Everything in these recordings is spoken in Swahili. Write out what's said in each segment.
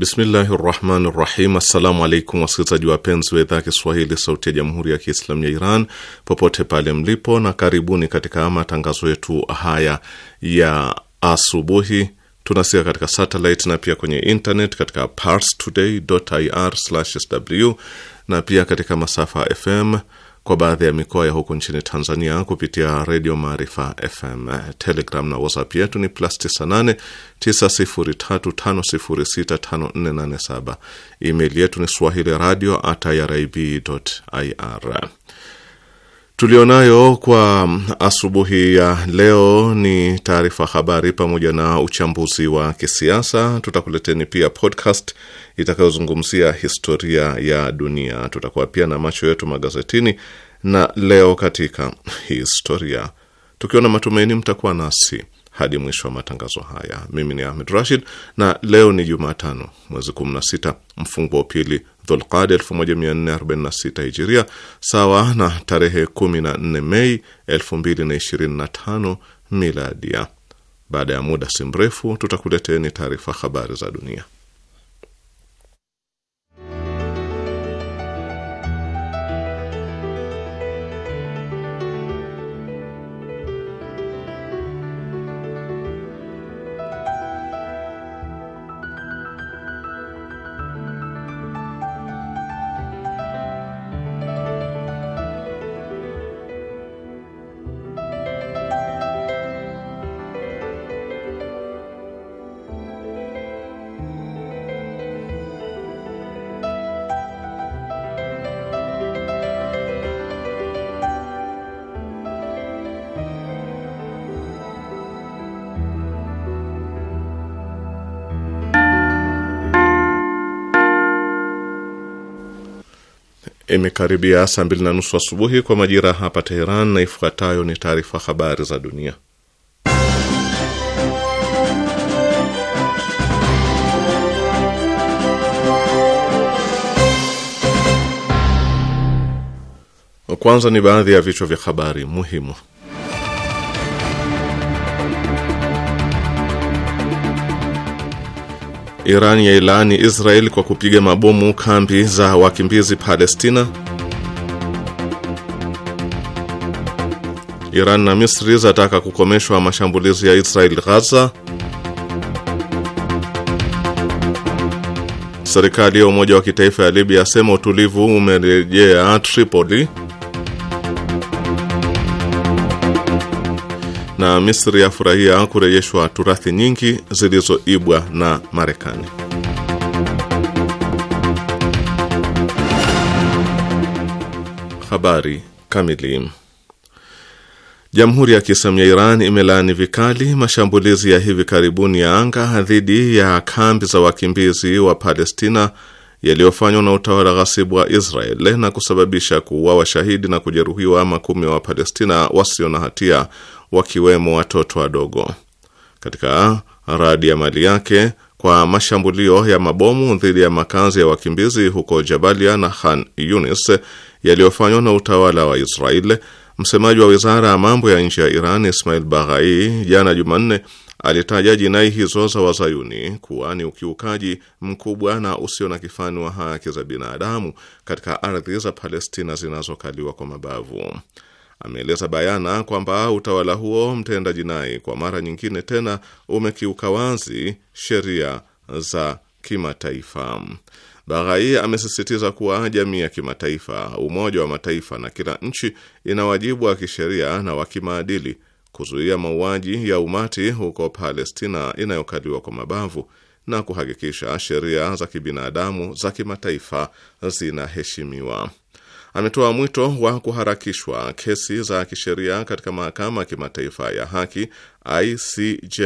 Bismillahi rahmani rahim. Assalamu alaikum wasikilizaji wapenzi wa idhaa ya Kiswahili sauti ya jamhuri ya Kiislamu ya Iran popote pale mlipo, na karibuni katika matangazo yetu haya ya asubuhi. Tunasikia katika satellite na pia kwenye internet katika parstoday.ir/sw na pia katika masafa FM kwa baadhi ya mikoa ya huko nchini Tanzania kupitia redio Maarifa FM. Telegram na WhatsApp yetu ni plus 98 9035065487. Email yetu ni swahili radio at ir tulionayo kwa asubuhi ya leo ni taarifa habari pamoja na uchambuzi wa kisiasa. Tutakuleteni pia podcast itakayozungumzia historia ya dunia. Tutakuwa pia na macho yetu magazetini na leo katika historia, tukiwa na matumaini mtakuwa nasi hadi mwisho wa matangazo haya. Mimi ni Ahmed Rashid, na leo ni Jumatano, mwezi 16 mfungo wa pili Dhulqada 1446 Hijiria, sawa na tarehe 14 Mei 2025 Miladia. Baada ya muda si mrefu tutakuleteni taarifa habari za dunia. Imekaribia saa mbili na nusu asubuhi kwa majira hapa Teheran, na ifuatayo ni taarifa habari za dunia. Kwanza ni baadhi ya vichwa vya habari muhimu. Iran ya Israel kwa kupiga mabomu kambi za wakimbizi Palestina. Iran na Misri zataka kukomeshwa mashambulizi ya Israel Ghaza. Serikali ya Umoja wa Kitaifa ya Libya asema utulivu umerejea Tripoli. Na Misri yafurahia kurejeshwa turathi nyingi zilizoibwa na Marekani. Habari kamili. Jamhuri ya Kiislamu ya Iran imelaani vikali mashambulizi ya hivi karibuni ya anga dhidi ya kambi za wakimbizi wa Palestina yaliyofanywa na utawala ghasibu wa Israel na kusababisha kuuwa washahidi na kujeruhiwa makumi wa Palestina wasio na hatia wakiwemo watoto wadogo. Katika radi ya mali yake kwa mashambulio ya mabomu dhidi ya makazi ya wakimbizi huko Jabalia na Khan Yunis yaliyofanywa na utawala wa Israel Msemaji wa wizara ya mambo ya nje ya Iran Ismail Baghai jana Jumanne alitaja jinai hizo za wazayuni kuwa ni ukiukaji mkubwa na usio na kifani wa haki za binadamu katika ardhi za Palestina zinazokaliwa kwa mabavu. Ameeleza bayana kwamba utawala huo mtenda jinai kwa mara nyingine tena umekiuka wazi sheria za kimataifa. Baghai amesisitiza kuwa jamii ya kimataifa, Umoja wa Mataifa na kila nchi ina wajibu wa kisheria na wa kimaadili kuzuia mauaji ya umati huko Palestina inayokaliwa kwa mabavu na kuhakikisha sheria za kibinadamu za kimataifa zinaheshimiwa ametoa mwito wa kuharakishwa kesi za kisheria katika mahakama ya kimataifa ya haki ICJ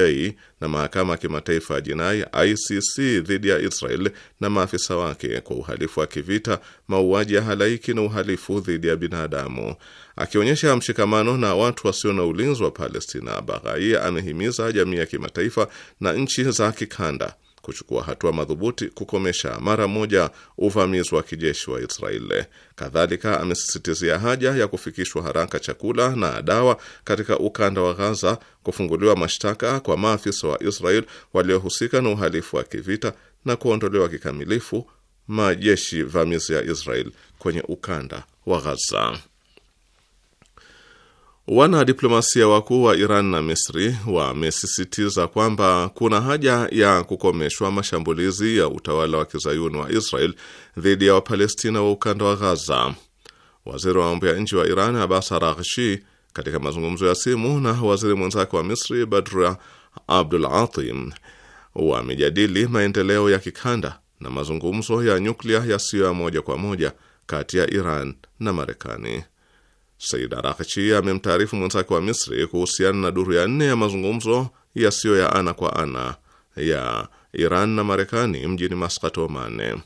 na mahakama ya kimataifa ya jinai ICC dhidi ya Israel na maafisa wake kwa uhalifu wa kivita, mauaji ya halaiki na uhalifu dhidi ya binadamu. Akionyesha mshikamano na watu wasio na ulinzi wa Palestina, Baghai amehimiza jamii ya kimataifa na nchi za kikanda kuchukua hatua madhubuti kukomesha mara moja uvamizi wa kijeshi wa Israeli. Kadhalika amesisitizia haja ya kufikishwa haraka chakula na dawa katika ukanda wa Gaza, kufunguliwa mashtaka kwa maafisa wa Israel waliohusika na uhalifu wa kivita na kuondolewa kikamilifu majeshi vamizi ya Israel kwenye ukanda wa Gaza. Wanadiplomasia wakuu wa Iran na Misri wamesisitiza kwamba kuna haja ya kukomeshwa mashambulizi ya utawala wa kizayuni wa Israel dhidi ya Wapalestina wa ukanda wa Ghaza. Waziri wa mambo ya nje wa Iran Abbas Araghchi, katika mazungumzo ya simu na waziri mwenzake wa Misri Badra Abdul Atim, wamejadili maendeleo ya kikanda na mazungumzo ya nyuklia yasiyo ya moja kwa moja kati ya Iran na Marekani. Said Arakchi amemtaarifu mwenzake wa Misri kuhusiana na duru ya nne ya mazungumzo yasiyo ya ana kwa ana ya Iran na Marekani mjini Maskat, Oman.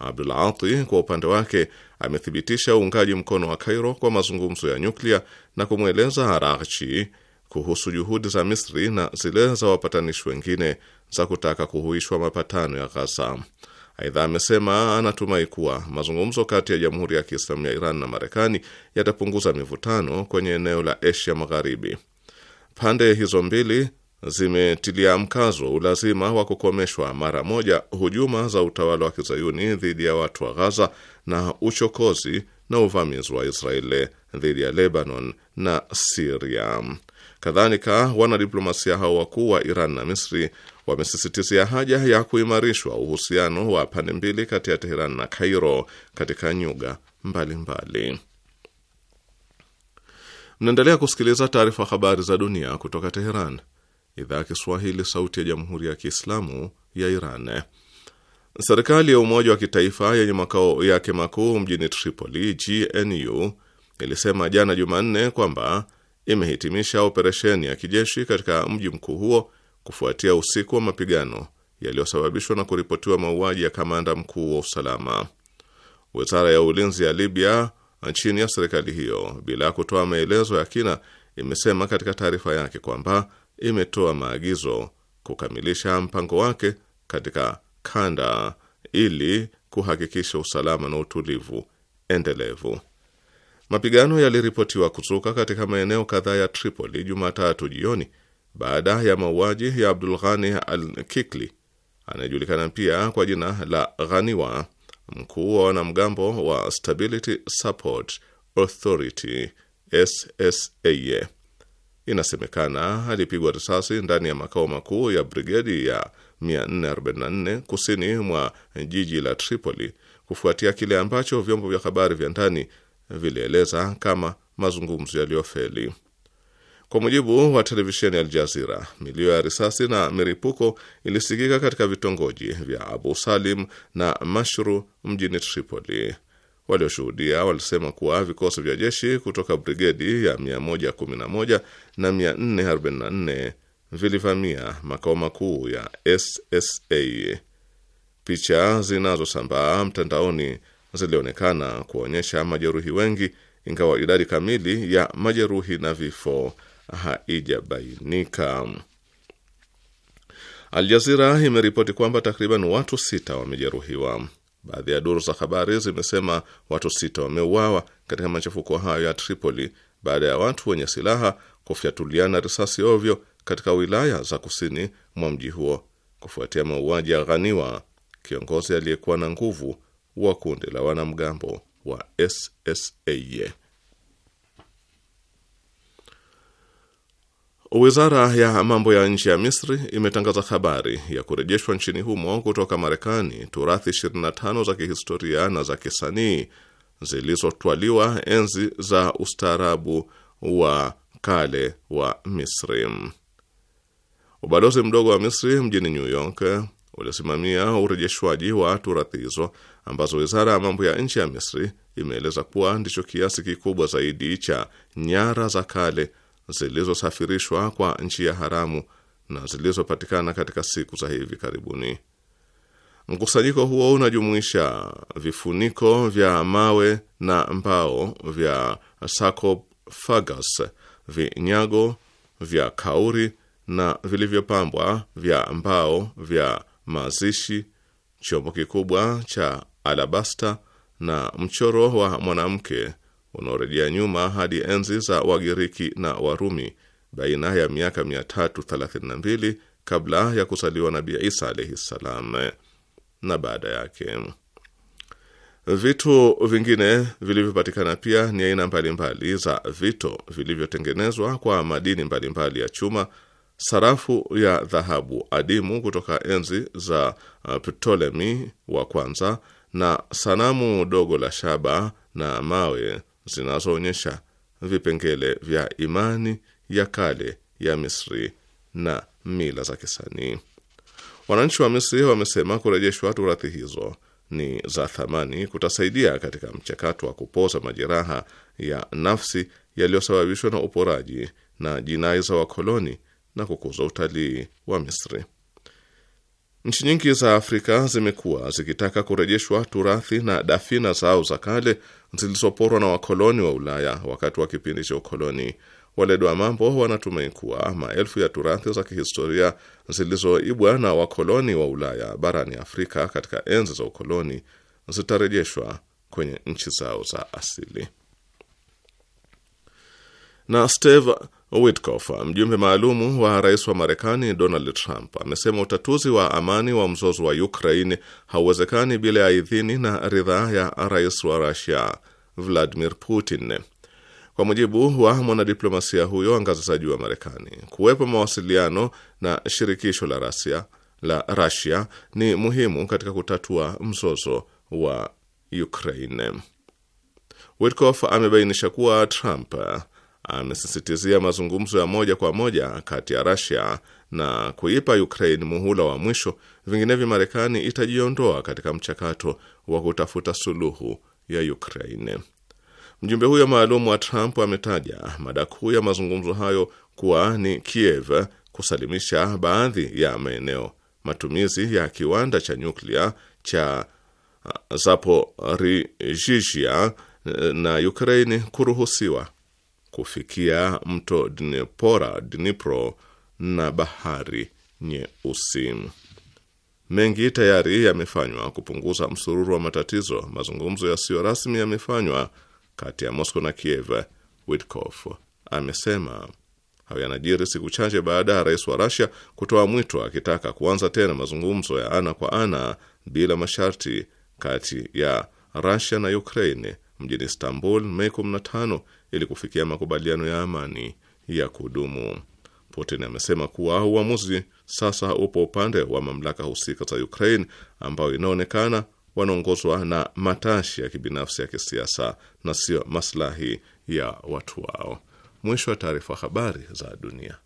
Abdul Ati kwa upande wake amethibitisha uungaji mkono wa Kairo kwa mazungumzo ya nyuklia na kumweleza Arakchi kuhusu juhudi za Misri na zile za wapatanishi wengine za kutaka kuhuishwa mapatano ya Ghaza. Aidha, amesema anatumai kuwa mazungumzo kati ya Jamhuri ya Kiislamu ya Iran na Marekani yatapunguza mivutano kwenye eneo la Asia Magharibi. Pande hizo mbili zimetilia mkazo ulazima wa kukomeshwa mara moja hujuma za utawala wa kizayuni dhidi ya watu wa Ghaza na uchokozi na uvamizi wa Israeli dhidi ya Lebanon na Siria. Kadhalika, wanadiplomasia hao wakuu wa Iran na Misri wamesisitizia haja ya kuimarishwa uhusiano wa pande mbili kati ya Teheran na Kairo katika nyuga mbalimbali. Mnaendelea kusikiliza taarifa habari za dunia kutoka Teheran, idhaa ya Kiswahili, sauti ya jamhuri ya kiislamu ya Iran. Serikali ya umoja wa kitaifa yenye makao yake makuu mjini Tripoli, GNU, ilisema jana Jumanne kwamba imehitimisha operesheni ya kijeshi katika mji mkuu huo kufuatia usiku wa mapigano yaliyosababishwa na kuripotiwa mauaji ya kamanda mkuu wa usalama. Wizara ya ulinzi ya Libya chini ya serikali hiyo, bila ya kutoa maelezo ya kina, imesema katika taarifa yake kwamba imetoa maagizo kukamilisha mpango wake katika kanda ili kuhakikisha usalama na utulivu endelevu. Mapigano yaliripotiwa kuzuka katika maeneo kadhaa ya Tripoli Jumatatu jioni baada ya mauaji ya Abdul Ghani al-Kikli anayejulikana pia kwa jina la Ghaniwa, mkuu wa wanamgambo wa Stability Support Authority SSA. Inasemekana alipigwa risasi ndani ya makao makuu ya brigedi ya 444 kusini mwa jiji la Tripoli kufuatia kile ambacho vyombo vya habari vya ndani vilieleza kama mazungumzo yaliyofeli. Kwa mujibu wa televisheni ya Aljazira, milio ya risasi na miripuko ilisikika katika vitongoji vya Abu Salim na Mashru mjini Tripoli. Walioshuhudia walisema kuwa vikosi vya jeshi kutoka brigedi ya 111 na 444 vilivamia makao makuu ya SSA. Picha zinazosambaa mtandaoni zilionekana kuonyesha majeruhi wengi, ingawa idadi kamili ya majeruhi na vifo haijabainika. Aljazira imeripoti kwamba takriban watu sita wamejeruhiwa. Baadhi ya duru za habari zimesema watu sita wameuawa katika machafuko hayo ya Tripoli baada ya watu wenye silaha kufyatuliana risasi ovyo katika wilaya za kusini mwa mji huo kufuatia mauaji ya Ghaniwa, kiongozi aliyekuwa na nguvu wa kundi la wanamgambo wa SSA. Wizara ya mambo ya nje ya Misri imetangaza habari ya kurejeshwa nchini humo kutoka Marekani turathi 25 za kihistoria na za kisanii zilizotwaliwa enzi za ustaarabu wa kale wa Misri. Ubalozi mdogo wa Misri mjini New York ulisimamia urejeshwaji wa turathi hizo ambazo wizara ya mambo ya nje ya Misri imeeleza kuwa ndicho kiasi kikubwa zaidi cha nyara za kale zilizosafirishwa kwa njia haramu na zilizopatikana katika siku za hivi karibuni. Mkusanyiko huo unajumuisha vifuniko vya mawe na mbao vya sarcophagus, vinyago vya kauri na vilivyopambwa vya mbao vya mazishi, chombo kikubwa cha alabasta na mchoro wa mwanamke unaorejea nyuma hadi enzi za Wagiriki na Warumi baina ya miaka 332 kabla ya kuzaliwa Nabii Isa alaihi ssalam na baada yake. Vitu vingine vilivyopatikana pia ni aina mbalimbali za vito vilivyotengenezwa kwa madini mbalimbali mbali ya chuma, sarafu ya dhahabu adimu kutoka enzi za uh, Ptolemy wa kwanza na sanamu dogo la shaba na mawe zinazoonyesha vipengele vya imani ya kale ya Misri na mila za kisanii. Wananchi wa Misri wamesema kurejeshwa turathi hizo ni za thamani, kutasaidia katika mchakato wa kupoza majeraha ya nafsi yaliyosababishwa na uporaji na jinai za wakoloni na kukuza utalii wa Misri. Nchi nyingi za Afrika zimekuwa zikitaka kurejeshwa turathi na dafina zao za kale zilizoporwa na wakoloni wa Ulaya wakati wa kipindi cha ukoloni. Waledo wa mambo wanatumai kuwa maelfu ya turathi za kihistoria zilizoibwa na wakoloni wa Ulaya barani Afrika katika enzi za ukoloni zitarejeshwa kwenye nchi zao za asili. Na Steve Witkoff, mjumbe maalumu wa rais wa Marekani Donald Trump, amesema utatuzi wa amani wa mzozo wa Ukraine hauwezekani bila ya idhini na ridhaa ya rais wa Rusia Vladimir Putin. Kwa mujibu wa mwanadiplomasia huyo wa ngazi za juu wa Marekani, kuwepo mawasiliano na shirikisho la Rusia la Rusia ni muhimu katika kutatua mzozo wa Ukraine. Witkoff amebainisha kuwa Trump amesisitizia mazungumzo ya moja kwa moja kati ya Russia na kuipa Ukraine muhula wa mwisho, vinginevyo Marekani itajiondoa katika mchakato wa kutafuta suluhu ya Ukraine. Mjumbe huyo maalum wa Trump ametaja mada kuu ya mazungumzo hayo kuwa ni Kiev kusalimisha baadhi ya maeneo, matumizi ya kiwanda cha nyuklia cha uh, Zaporizhzhia uh, na Ukraine kuruhusiwa kufikia mto Dnipora, Dnipro na bahari Nyeusi. Mengi tayari yamefanywa kupunguza msururu wa matatizo. Mazungumzo yasiyo rasmi yamefanywa kati ya Moscow na Kiev, Witkoff amesema. Hayo yanajiri siku chache baada ya rais wa rasia kutoa mwito akitaka kuanza tena mazungumzo ya ana kwa ana bila masharti kati ya rasia na Ukraine mjini Istanbul Mei 15 ili kufikia makubaliano ya amani ya kudumu. Putin amesema kuwa uamuzi sasa upo upande wa mamlaka husika za Ukraine, ambayo inaonekana wanaongozwa na matashi ya kibinafsi ya kisiasa na sio maslahi ya watu wao. Mwisho wa taarifa. Habari za dunia.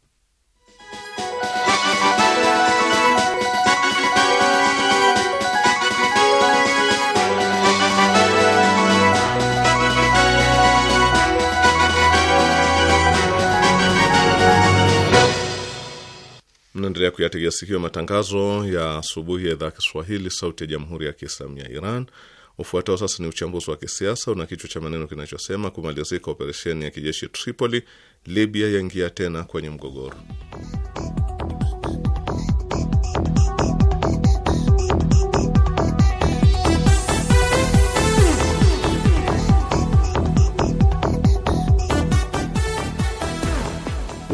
Mnaendelea kuyategea sikio matangazo ya asubuhi ya idhaa Kiswahili sauti ya jamhuri ya kiislamu ya Iran. Ufuatao sasa ni uchambuzi wa kisiasa una kichwa cha maneno kinachosema kumalizika operesheni ya kijeshi Tripoli, Libya yaingia tena kwenye mgogoro.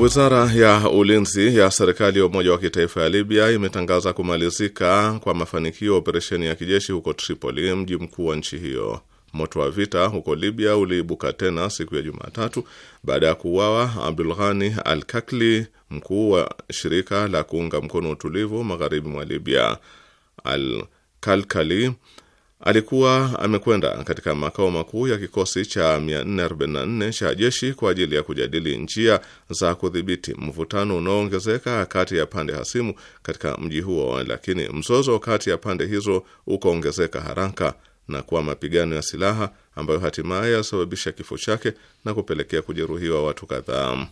Wizara ya ulinzi ya serikali ya Umoja wa Kitaifa ya Libya imetangaza kumalizika kwa mafanikio operesheni ya kijeshi huko Tripoli, mji mkuu wa nchi hiyo. Moto wa vita huko Libya uliibuka tena siku ya Jumatatu baada ya kuuawa Abdul Ghani Al Kakli, mkuu wa shirika la kuunga mkono utulivu magharibi mwa Libya Al Kalkali alikuwa amekwenda katika makao makuu ya kikosi cha 444 cha jeshi kwa ajili ya kujadili njia za kudhibiti mvutano unaoongezeka kati ya pande hasimu katika mji huo, lakini mzozo kati ya pande hizo ukaongezeka haraka na kuwa mapigano ya silaha ambayo hatimaye yalisababisha kifo chake na kupelekea kujeruhiwa watu kadhaa.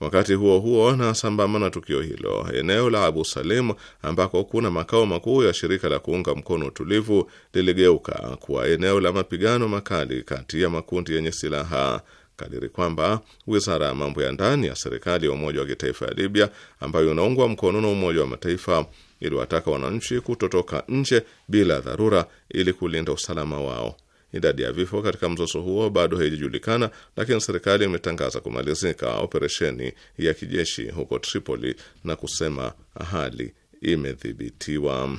Wakati huo huo, na sambamba na tukio hilo, eneo la Abu Salim ambako kuna makao makuu ya shirika la kuunga mkono utulivu liligeuka kuwa eneo la mapigano makali kati ya makundi yenye silaha kadiri kwamba wizara ya mambo ya ndani ya serikali ya Umoja wa Kitaifa ya Libya ambayo inaungwa mkono na Umoja wa Mataifa iliwataka wananchi kutotoka nje bila dharura ili kulinda usalama wao. Idadi ya vifo katika mzozo huo bado haijajulikana, lakini serikali imetangaza kumalizika operesheni ya kijeshi huko Tripoli na kusema hali imedhibitiwa.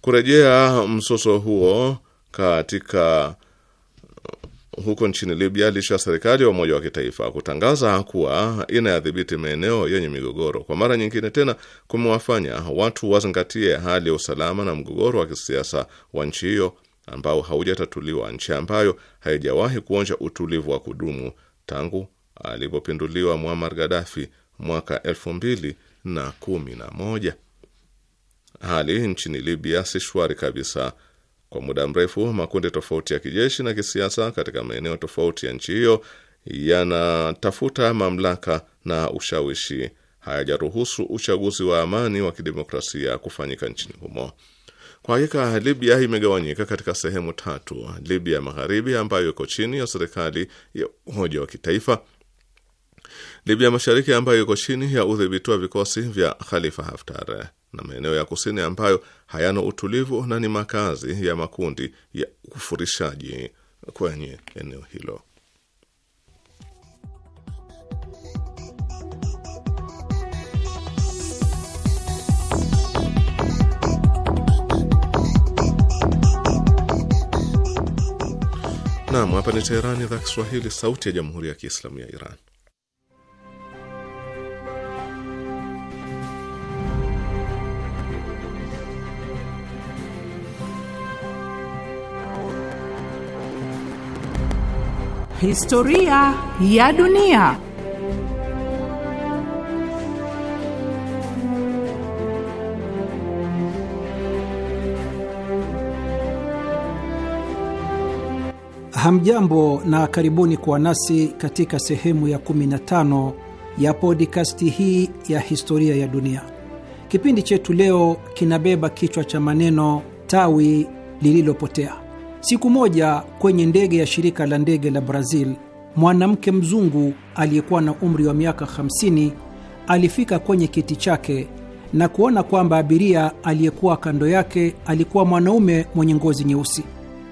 Kurejea mzozo huo katika uh, huko nchini Libya licha ya serikali ya Umoja wa Kitaifa kutangaza kuwa inayadhibiti maeneo yenye migogoro, kwa mara nyingine tena kumewafanya watu wazingatie hali ya usalama na mgogoro wa kisiasa wa nchi hiyo ambao haujatatuliwa, nchi ambayo haijawahi kuonja utulivu wa kudumu tangu alipopinduliwa Muammar Gaddafi mwaka elfu mbili na kumi na moja. Hali nchini Libya si shwari kabisa. Kwa muda mrefu makundi tofauti ya kijeshi na kisiasa katika maeneo tofauti ya nchi hiyo yanatafuta mamlaka na ushawishi, hayajaruhusu uchaguzi wa amani wa kidemokrasia kufanyika nchini humo. Kwa hakika Libya imegawanyika katika sehemu tatu: Libya ya magharibi ambayo iko chini ya serikali ya umoja wa kitaifa, Libya mashariki ambayo iko chini ya udhibiti wa vikosi vya Khalifa Haftar, na maeneo ya kusini ambayo hayana utulivu na ni makazi ya makundi ya ufurishaji kwenye eneo hilo. Naam, hapa ni Teherani, idhaa Kiswahili, sauti ya jamhuri ya kiislamu ya Iran. Historia ya dunia. Hamjambo na karibuni kuwa nasi katika sehemu ya 15 ya podikasti hii ya historia ya dunia. Kipindi chetu leo kinabeba kichwa cha maneno tawi lililopotea. Siku moja kwenye ndege ya shirika la ndege la Brazil, mwanamke mzungu aliyekuwa na umri wa miaka 50 alifika kwenye kiti chake na kuona kwamba abiria aliyekuwa kando yake alikuwa mwanaume mwenye ngozi nyeusi.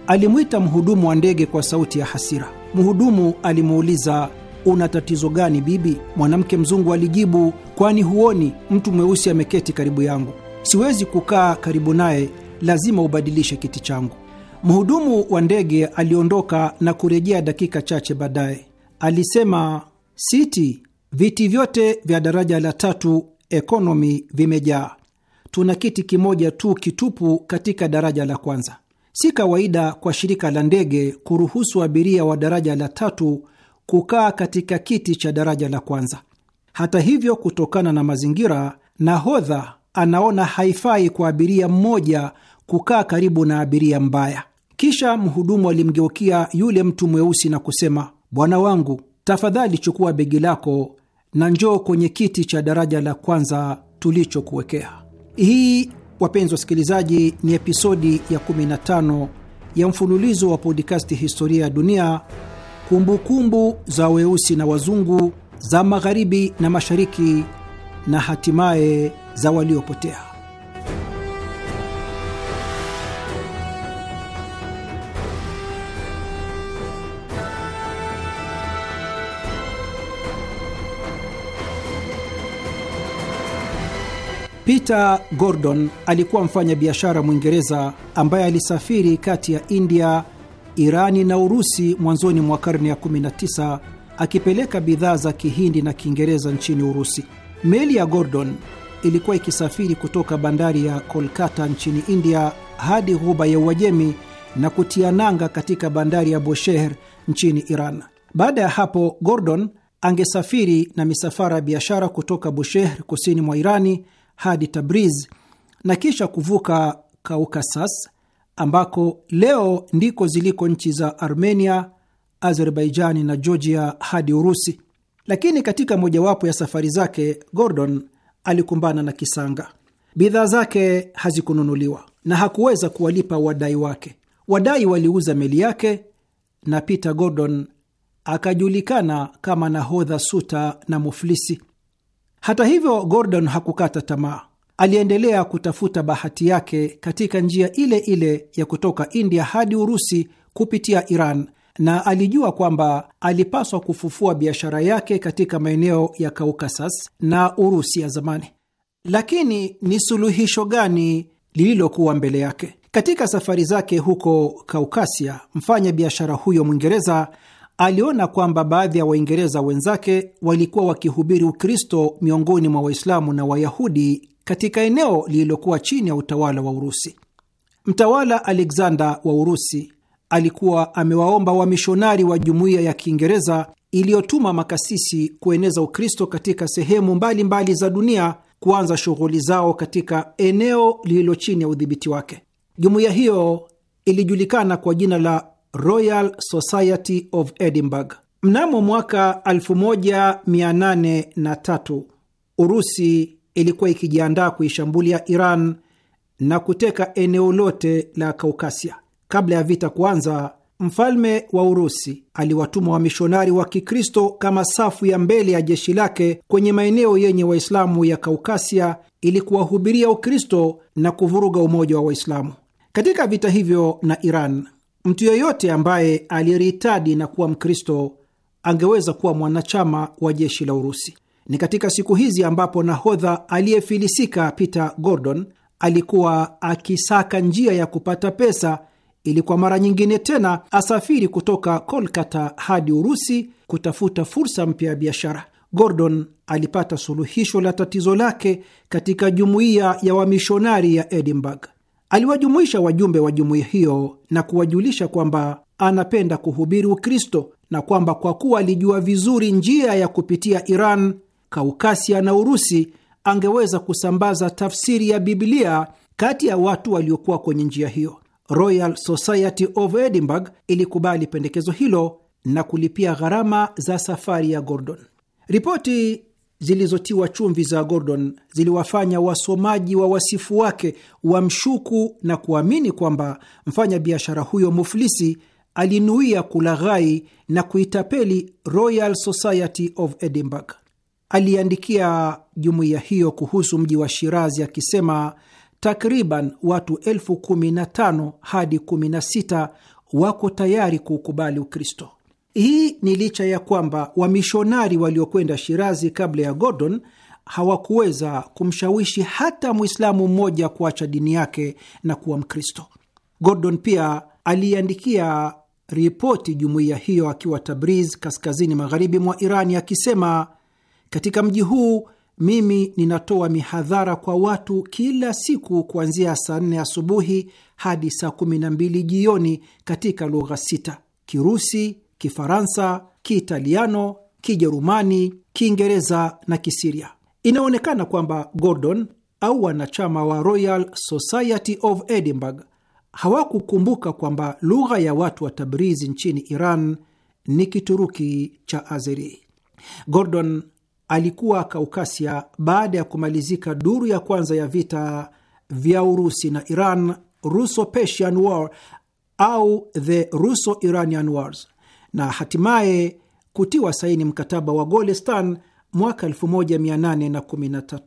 Alimwita mhudumu wa ndege kwa sauti ya hasira. Mhudumu alimuuliza, una tatizo gani bibi? Mwanamke mzungu alijibu, kwani huoni mtu mweusi ameketi ya karibu yangu? Siwezi kukaa karibu naye, lazima ubadilishe kiti changu. Mhudumu wa ndege aliondoka na kurejea dakika chache baadaye. Alisema, siti, viti vyote vya daraja la tatu ekonomi vimejaa, tuna kiti kimoja tu kitupu katika daraja la kwanza. Si kawaida kwa shirika la ndege kuruhusu abiria wa daraja la tatu kukaa katika kiti cha daraja la kwanza. Hata hivyo, kutokana na mazingira, nahodha anaona haifai kwa abiria mmoja kukaa karibu na abiria mbaya. Kisha mhudumu alimgeukia yule mtu mweusi na kusema, bwana wangu, tafadhali chukua begi lako na njoo kwenye kiti cha daraja la kwanza tulichokuwekea. Hii Wapenzi wasikilizaji, ni episodi ya 15 ya mfululizo wa podikasti Historia ya Dunia, kumbukumbu kumbu za weusi na wazungu, za magharibi na mashariki, na hatimaye za waliopotea. Peter Gordon alikuwa mfanyabiashara Mwingereza ambaye alisafiri kati ya India, Irani na Urusi mwanzoni mwa karne ya 19 akipeleka bidhaa za Kihindi na Kiingereza nchini Urusi. Meli ya Gordon ilikuwa ikisafiri kutoka bandari ya Kolkata nchini India hadi ghuba ya Uajemi na kutia nanga katika bandari ya Bushehr nchini Iran. Baada ya hapo, Gordon angesafiri na misafara ya biashara kutoka Bushehr kusini mwa Irani hadi Tabriz na kisha kuvuka Kaukasas ambako leo ndiko ziliko nchi za Armenia, Azerbaijani na Georgia hadi Urusi. Lakini katika mojawapo ya safari zake Gordon alikumbana na kisanga. Bidhaa zake hazikununuliwa na hakuweza kuwalipa wadai wake. Wadai waliuza meli yake na Peter Gordon akajulikana kama nahodha suta na muflisi. Hata hivyo, Gordon hakukata tamaa. Aliendelea kutafuta bahati yake katika njia ile ile ya kutoka India hadi Urusi kupitia Iran, na alijua kwamba alipaswa kufufua biashara yake katika maeneo ya Kaukasas na Urusi ya zamani. Lakini ni suluhisho gani lililokuwa mbele yake? Katika safari zake huko Kaukasia, mfanya biashara huyo Mwingereza aliona kwamba baadhi ya Waingereza wenzake walikuwa wakihubiri Ukristo miongoni mwa Waislamu na Wayahudi katika eneo lililokuwa chini ya utawala wa Urusi. Mtawala Alexander wa Urusi alikuwa amewaomba wamishonari wa jumuiya ya Kiingereza iliyotuma makasisi kueneza Ukristo katika sehemu mbalimbali mbali za dunia kuanza shughuli zao katika eneo lililo chini ya udhibiti wake. Jumuiya hiyo ilijulikana kwa jina la Royal Society of Edinburgh. Mnamo mwaka 1803 Urusi ilikuwa ikijiandaa kuishambulia Iran na kuteka eneo lote la Kaukasia. Kabla ya vita kuanza, mfalme wa Urusi aliwatuma wamishonari wa Kikristo kama safu ya mbele ya jeshi lake kwenye maeneo yenye Waislamu ya Kaukasia ili kuwahubiria Ukristo na kuvuruga umoja wa Waislamu. Katika vita hivyo na Iran, Mtu yeyote ambaye aliritadi na kuwa Mkristo angeweza kuwa mwanachama wa jeshi la Urusi. Ni katika siku hizi ambapo nahodha aliyefilisika Peter Gordon alikuwa akisaka njia ya kupata pesa ili kwa mara nyingine tena asafiri kutoka Kolkata hadi Urusi kutafuta fursa mpya ya biashara. Gordon alipata suluhisho la tatizo lake katika jumuiya ya wamishonari ya Edinburgh. Aliwajumuisha wajumbe wa jumuiya hiyo na kuwajulisha kwamba anapenda kuhubiri Ukristo na kwamba kwa kuwa alijua vizuri njia ya kupitia Iran, Kaukasia na Urusi, angeweza kusambaza tafsiri ya Biblia kati ya watu waliokuwa kwenye njia hiyo. Royal Society of Edinburgh ilikubali pendekezo hilo na kulipia gharama za safari ya Gordon. Ripoti zilizotiwa chumvi za Gordon ziliwafanya wasomaji wa wasifu wake wamshuku na kuamini kwamba mfanya biashara huyo muflisi alinuia kulaghai na kuitapeli Royal Society of Edinburgh. Aliandikia jumuiya hiyo kuhusu mji wa Shirazi akisema takriban watu elfu kumi na tano hadi kumi na sita wako tayari kuukubali Ukristo. Hii ni licha ya kwamba wamishonari waliokwenda Shirazi kabla ya Gordon hawakuweza kumshawishi hata Mwislamu mmoja kuacha dini yake na kuwa Mkristo. Gordon pia aliiandikia ripoti jumuiya hiyo akiwa Tabriz, kaskazini magharibi mwa Irani, akisema katika mji huu mimi ninatoa mihadhara kwa watu kila siku kuanzia saa nne asubuhi hadi saa kumi na mbili jioni katika lugha sita: Kirusi, Kifaransa, Kiitaliano, Kijerumani, Kiingereza na Kisiria. Inaonekana kwamba Gordon au wanachama wa Royal Society of Edinburgh hawakukumbuka kwamba lugha ya watu wa Tabrizi nchini Iran ni Kituruki cha Azeri. Gordon alikuwa Kaukasia baada ya kumalizika duru ya kwanza ya vita vya Urusi na Iran, Russo-Persian War au the Russo-Iranian Wars na hatimaye kutiwa saini mkataba wa Golestan mwaka 1813.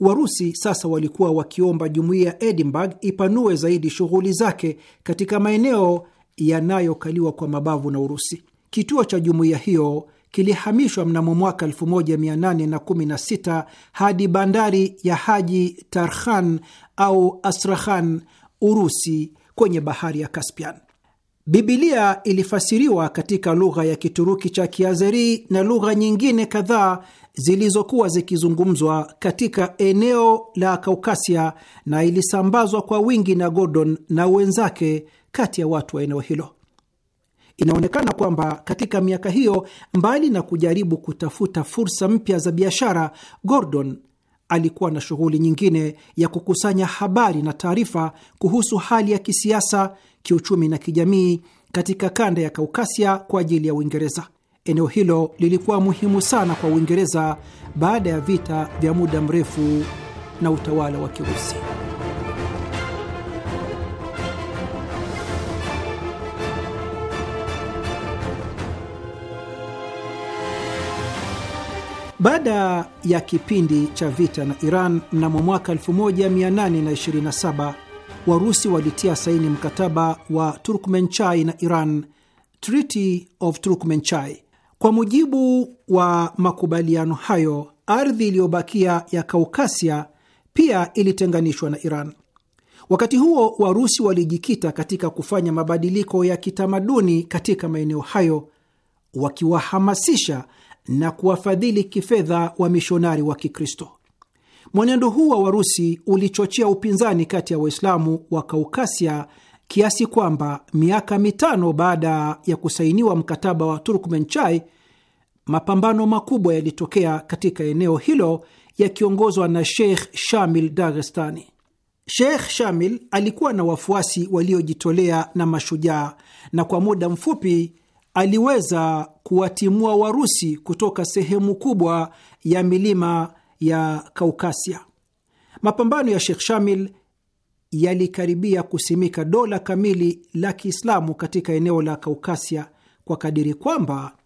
Warusi sasa walikuwa wakiomba jumuiya ya edinburg ipanue zaidi shughuli zake katika maeneo yanayokaliwa kwa mabavu na Urusi. Kituo cha jumuiya hiyo kilihamishwa mnamo mwaka 1816 hadi bandari ya Haji Tarhan au Astrakhan, Urusi, kwenye bahari ya Caspian. Bibilia ilifasiriwa katika lugha ya Kituruki cha Kiazeri na lugha nyingine kadhaa zilizokuwa zikizungumzwa katika eneo la Kaukasia na ilisambazwa kwa wingi na Gordon na wenzake kati ya watu wa eneo hilo. Inaonekana kwamba katika miaka hiyo, mbali na kujaribu kutafuta fursa mpya za biashara, Gordon alikuwa na shughuli nyingine ya kukusanya habari na taarifa kuhusu hali ya kisiasa kiuchumi na kijamii katika kanda ya Kaukasia kwa ajili ya Uingereza. Eneo hilo lilikuwa muhimu sana kwa Uingereza baada ya vita vya muda mrefu na utawala wa Kirusi. Baada ya kipindi cha vita na Iran mnamo mwaka 1827 Warusi walitia saini mkataba wa Turkmenchai na Iran, Treaty of Turkmenchai. Kwa mujibu wa makubaliano hayo, ardhi iliyobakia ya Kaukasia pia ilitenganishwa na Iran. Wakati huo Warusi walijikita katika kufanya mabadiliko ya kitamaduni katika maeneo hayo, wakiwahamasisha na kuwafadhili kifedha wa mishonari wa Kikristo. Mwenendo huu wa Warusi ulichochea upinzani kati ya Waislamu wa Kaukasia kiasi kwamba miaka mitano baada ya kusainiwa mkataba wa Turkmenchai, mapambano makubwa yalitokea katika eneo hilo yakiongozwa na Sheikh Shamil Dagestani. Sheikh Shamil alikuwa na wafuasi waliojitolea na mashujaa, na kwa muda mfupi aliweza kuwatimua Warusi kutoka sehemu kubwa ya milima ya Kaukasia. Mapambano ya Sheikh Shamil yalikaribia kusimika dola kamili la Kiislamu katika eneo la Kaukasia kwa kadiri kwamba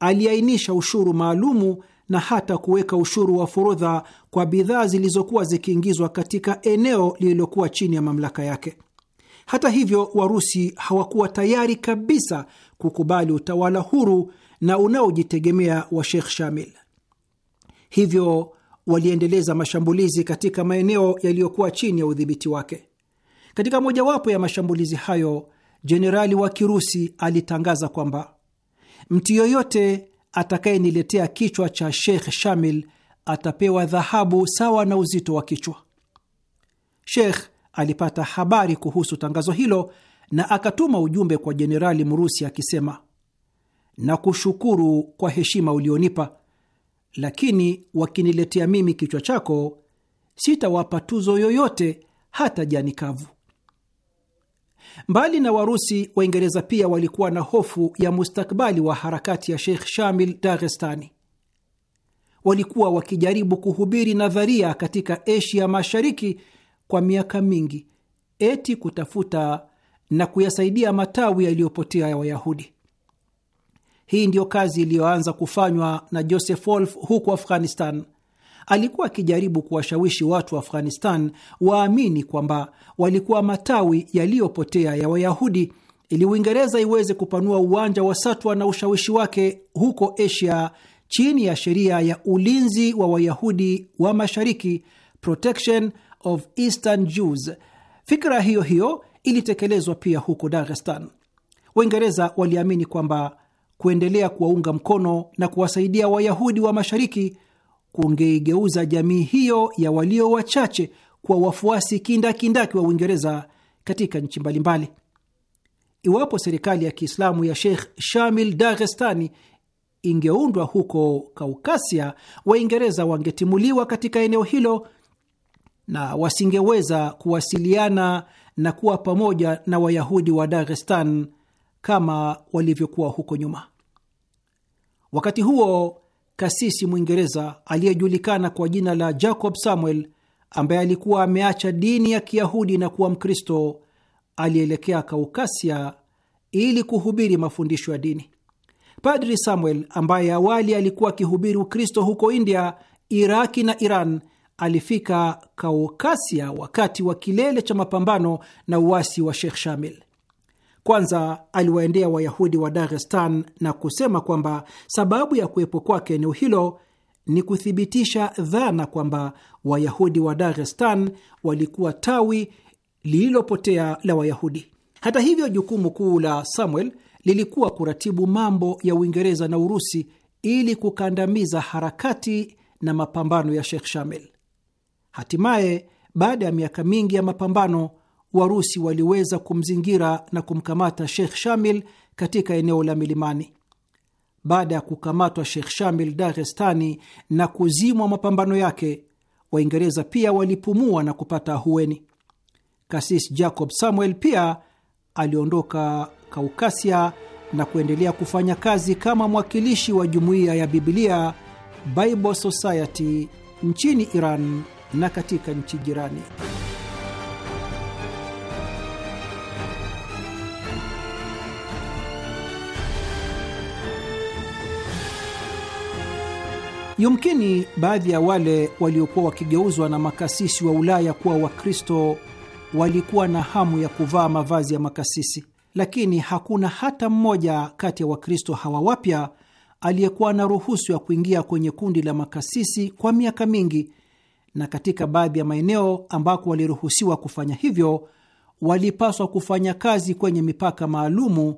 aliainisha ushuru maalumu na hata kuweka ushuru wa forodha kwa bidhaa zilizokuwa zikiingizwa katika eneo lililokuwa chini ya mamlaka yake. Hata hivyo, Warusi hawakuwa tayari kabisa kukubali utawala huru na unaojitegemea wa Sheikh Shamil hivyo waliendeleza mashambulizi katika maeneo yaliyokuwa chini ya udhibiti wake. Katika mojawapo ya mashambulizi hayo, jenerali wa Kirusi alitangaza kwamba mtu yoyote atakayeniletea kichwa cha Sheikh Shamil atapewa dhahabu sawa na uzito wa kichwa. Sheikh alipata habari kuhusu tangazo hilo na akatuma ujumbe kwa jenerali Mrusi akisema, nakushukuru kwa heshima ulionipa lakini wakiniletea mimi kichwa chako sitawapa tuzo yoyote, hata jani kavu. Mbali na Warusi, Waingereza pia walikuwa na hofu ya mustakbali wa harakati ya Sheikh Shamil Daghestani. Walikuwa wakijaribu kuhubiri nadharia katika Asia Mashariki kwa miaka mingi, eti kutafuta na kuyasaidia matawi yaliyopotea ya Wayahudi. Hii ndiyo kazi iliyoanza kufanywa na Joseph Wolf huko Afghanistan. Alikuwa akijaribu kuwashawishi watu wa Afghanistan waamini kwamba walikuwa matawi yaliyopotea ya Wayahudi ili Uingereza iweze kupanua uwanja wa satwa na ushawishi wake huko Asia chini ya sheria ya ulinzi wa Wayahudi wa Mashariki, Protection of Eastern Jews. Fikra hiyo hiyo ilitekelezwa pia huko Dagestan. Waingereza waliamini kwamba kuendelea kuwaunga mkono na kuwasaidia Wayahudi wa Mashariki kungeigeuza jamii hiyo ya walio wachache kwa wafuasi kindakindaki wa Uingereza katika nchi mbalimbali. Iwapo serikali ya Kiislamu ya Sheikh Shamil Daghestani ingeundwa huko Kaukasia, Waingereza wangetimuliwa katika eneo hilo na wasingeweza kuwasiliana na kuwa pamoja na Wayahudi wa Dagestan kama walivyokuwa huko nyuma. Wakati huo kasisi Mwingereza aliyejulikana kwa jina la Jacob Samuel, ambaye alikuwa ameacha dini ya Kiyahudi na kuwa Mkristo, alielekea Kaukasia ili kuhubiri mafundisho ya dini. Padri Samuel, ambaye awali alikuwa akihubiri Ukristo huko India, Iraki na Iran, alifika Kaukasia wakati wa kilele cha mapambano na uasi wa Sheikh Shamil. Kwanza aliwaendea Wayahudi wa Dagestan na kusema kwamba sababu ya kuwepo kwake eneo hilo ni kuthibitisha dhana kwamba Wayahudi wa Dagestan walikuwa tawi lililopotea la Wayahudi. Hata hivyo, jukumu kuu la Samuel lilikuwa kuratibu mambo ya Uingereza na Urusi ili kukandamiza harakati na mapambano ya Sheikh shamel Hatimaye, baada ya miaka mingi ya mapambano Warusi waliweza kumzingira na kumkamata Sheikh Shamil katika eneo la milimani. Baada ya kukamatwa Sheikh Shamil Dagestani na kuzimwa mapambano yake, Waingereza pia walipumua na kupata ahueni. kasis Jacob Samuel pia aliondoka Kaukasia na kuendelea kufanya kazi kama mwakilishi wa jumuiya ya Bibilia Bible Society nchini Iran na katika nchi jirani. Yumkini baadhi ya wale waliokuwa wakigeuzwa na makasisi wa Ulaya kuwa Wakristo walikuwa na hamu ya kuvaa mavazi ya makasisi, lakini hakuna hata mmoja kati ya Wakristo hawa wapya aliyekuwa na ruhusu ya kuingia kwenye kundi la makasisi kwa miaka mingi, na katika baadhi ya maeneo ambako waliruhusiwa kufanya hivyo, walipaswa kufanya kazi kwenye mipaka maalumu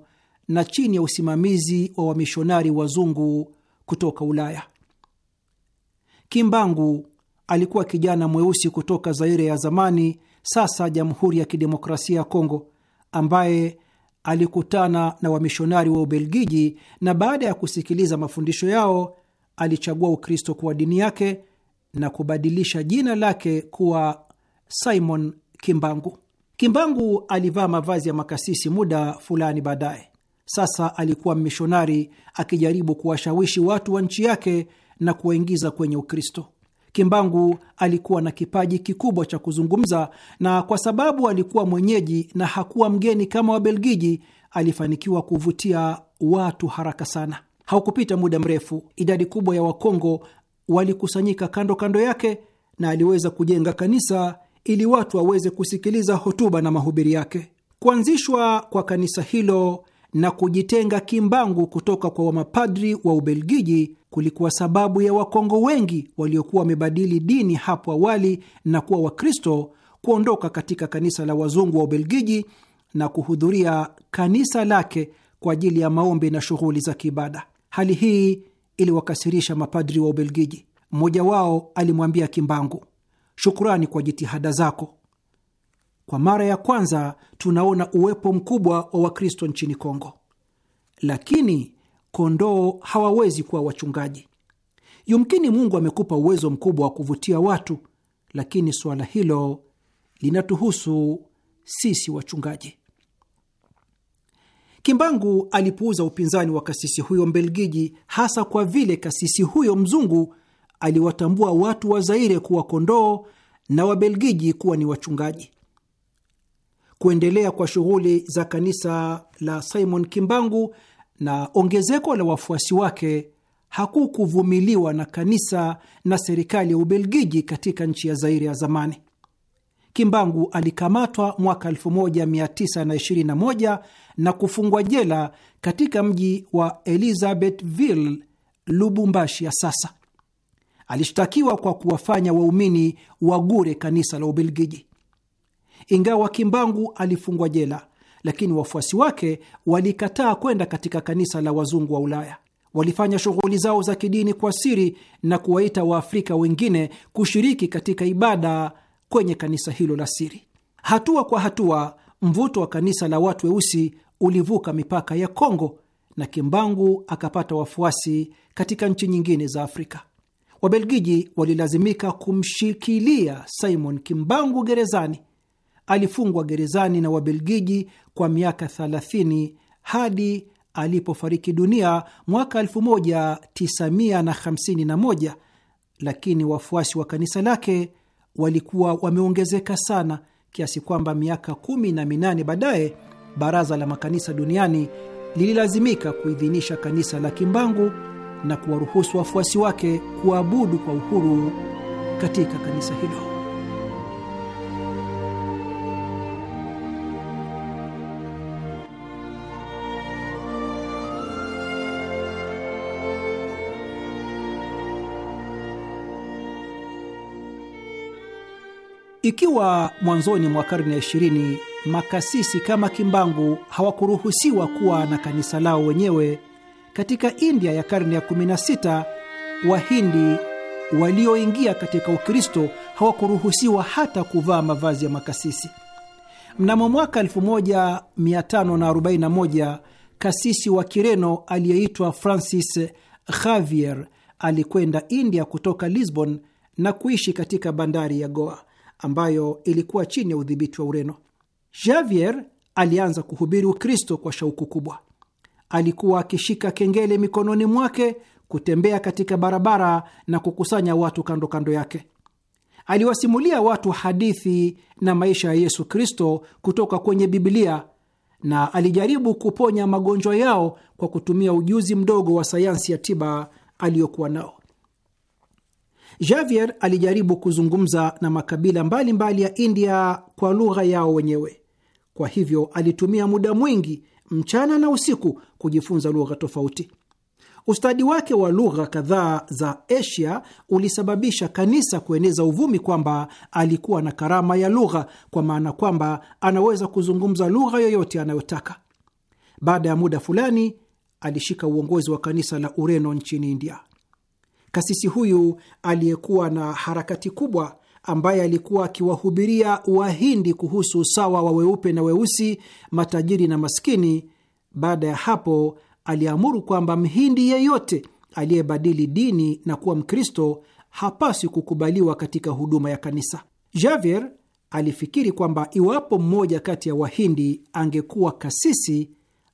na chini ya usimamizi wa wamishonari wazungu kutoka Ulaya. Kimbangu alikuwa kijana mweusi kutoka Zaire ya zamani, sasa Jamhuri ya Kidemokrasia ya Kongo, ambaye alikutana na wamishonari wa Ubelgiji na baada ya kusikiliza mafundisho yao alichagua Ukristo kuwa dini yake na kubadilisha jina lake kuwa Simon Kimbangu. Kimbangu alivaa mavazi ya makasisi muda fulani baadaye. Sasa alikuwa mmishonari akijaribu kuwashawishi watu wa nchi yake na kuwaingiza kwenye Ukristo. Kimbangu alikuwa na kipaji kikubwa cha kuzungumza, na kwa sababu alikuwa mwenyeji na hakuwa mgeni kama Wabelgiji, alifanikiwa kuvutia watu haraka sana. Haukupita muda mrefu, idadi kubwa ya Wakongo walikusanyika kando kando yake na aliweza kujenga kanisa ili watu waweze kusikiliza hotuba na mahubiri yake. Kuanzishwa kwa kanisa hilo na kujitenga kimbangu kutoka kwa wamapadri wa Ubelgiji kulikuwa sababu ya Wakongo wengi waliokuwa wamebadili dini hapo awali na kuwa Wakristo kuondoka katika kanisa la wazungu wa Ubelgiji na kuhudhuria kanisa lake kwa ajili ya maombi na shughuli za kiibada. Hali hii iliwakasirisha mapadri wa Ubelgiji. Mmoja wao alimwambia Kimbangu, shukrani kwa jitihada zako, kwa mara ya kwanza tunaona uwepo mkubwa wa Wakristo nchini Kongo, lakini kondoo hawawezi kuwa wachungaji. Yumkini Mungu amekupa uwezo mkubwa wa kuvutia watu, lakini suala hilo linatuhusu sisi wachungaji. Kimbangu alipuuza upinzani wa kasisi huyo Mbelgiji, hasa kwa vile kasisi huyo mzungu aliwatambua watu wa Zaire kuwa kondoo na Wabelgiji kuwa ni wachungaji kuendelea kwa shughuli za kanisa la Simon Kimbangu na ongezeko la wafuasi wake hakukuvumiliwa na kanisa na serikali ya Ubelgiji katika nchi ya Zaire ya zamani. Kimbangu alikamatwa mwaka 1921 na, na kufungwa jela katika mji wa Elizabethville, Lubumbashi ya sasa. Alishtakiwa kwa kuwafanya waumini wagure kanisa la Ubelgiji. Ingawa Kimbangu alifungwa jela, lakini wafuasi wake walikataa kwenda katika kanisa la wazungu wa Ulaya. Walifanya shughuli zao za kidini kwa siri na kuwaita Waafrika wengine kushiriki katika ibada kwenye kanisa hilo la siri. Hatua kwa hatua, mvuto wa kanisa la watu weusi ulivuka mipaka ya Kongo na Kimbangu akapata wafuasi katika nchi nyingine za Afrika. Wabelgiji walilazimika kumshikilia Simon Kimbangu gerezani alifungwa gerezani na Wabelgiji kwa miaka 30 hadi alipofariki dunia mwaka 1951, lakini wafuasi wa kanisa lake walikuwa wameongezeka sana kiasi kwamba miaka kumi na minane baadaye Baraza la Makanisa Duniani lililazimika kuidhinisha kanisa la Kimbangu na kuwaruhusu wafuasi wake kuabudu kwa uhuru katika kanisa hilo. Ikiwa mwanzoni mwa karne ya ishirini makasisi kama Kimbangu hawakuruhusiwa kuwa na kanisa lao wenyewe, katika India ya karne ya 16 Wahindi walioingia katika Ukristo hawakuruhusiwa hata kuvaa mavazi ya makasisi. Mnamo mwaka 1541 kasisi wa Kireno aliyeitwa Francis Xavier alikwenda India kutoka Lisbon na kuishi katika bandari ya Goa ambayo ilikuwa chini ya udhibiti wa Ureno. Javier alianza kuhubiri Ukristo kwa shauku kubwa. Alikuwa akishika kengele mikononi mwake, kutembea katika barabara na kukusanya watu kando kando yake. Aliwasimulia watu hadithi na maisha ya Yesu Kristo kutoka kwenye Biblia na alijaribu kuponya magonjwa yao kwa kutumia ujuzi mdogo wa sayansi ya tiba aliyokuwa nao. Javier alijaribu kuzungumza na makabila mbalimbali mbali ya India kwa lugha yao wenyewe. Kwa hivyo alitumia muda mwingi mchana na usiku kujifunza lugha tofauti. Ustadi wake wa lugha kadhaa za Asia ulisababisha kanisa kueneza uvumi kwamba alikuwa na karama ya lugha, kwa maana kwamba anaweza kuzungumza lugha yoyote anayotaka. Baada ya muda fulani, alishika uongozi wa kanisa la Ureno nchini India. Kasisi huyu aliyekuwa na harakati kubwa, ambaye alikuwa akiwahubiria Wahindi kuhusu usawa wa weupe na weusi, matajiri na maskini, baada ya hapo aliamuru kwamba Mhindi yeyote aliyebadili dini na kuwa Mkristo hapaswi kukubaliwa katika huduma ya kanisa. Javier alifikiri kwamba iwapo mmoja kati ya Wahindi angekuwa kasisi,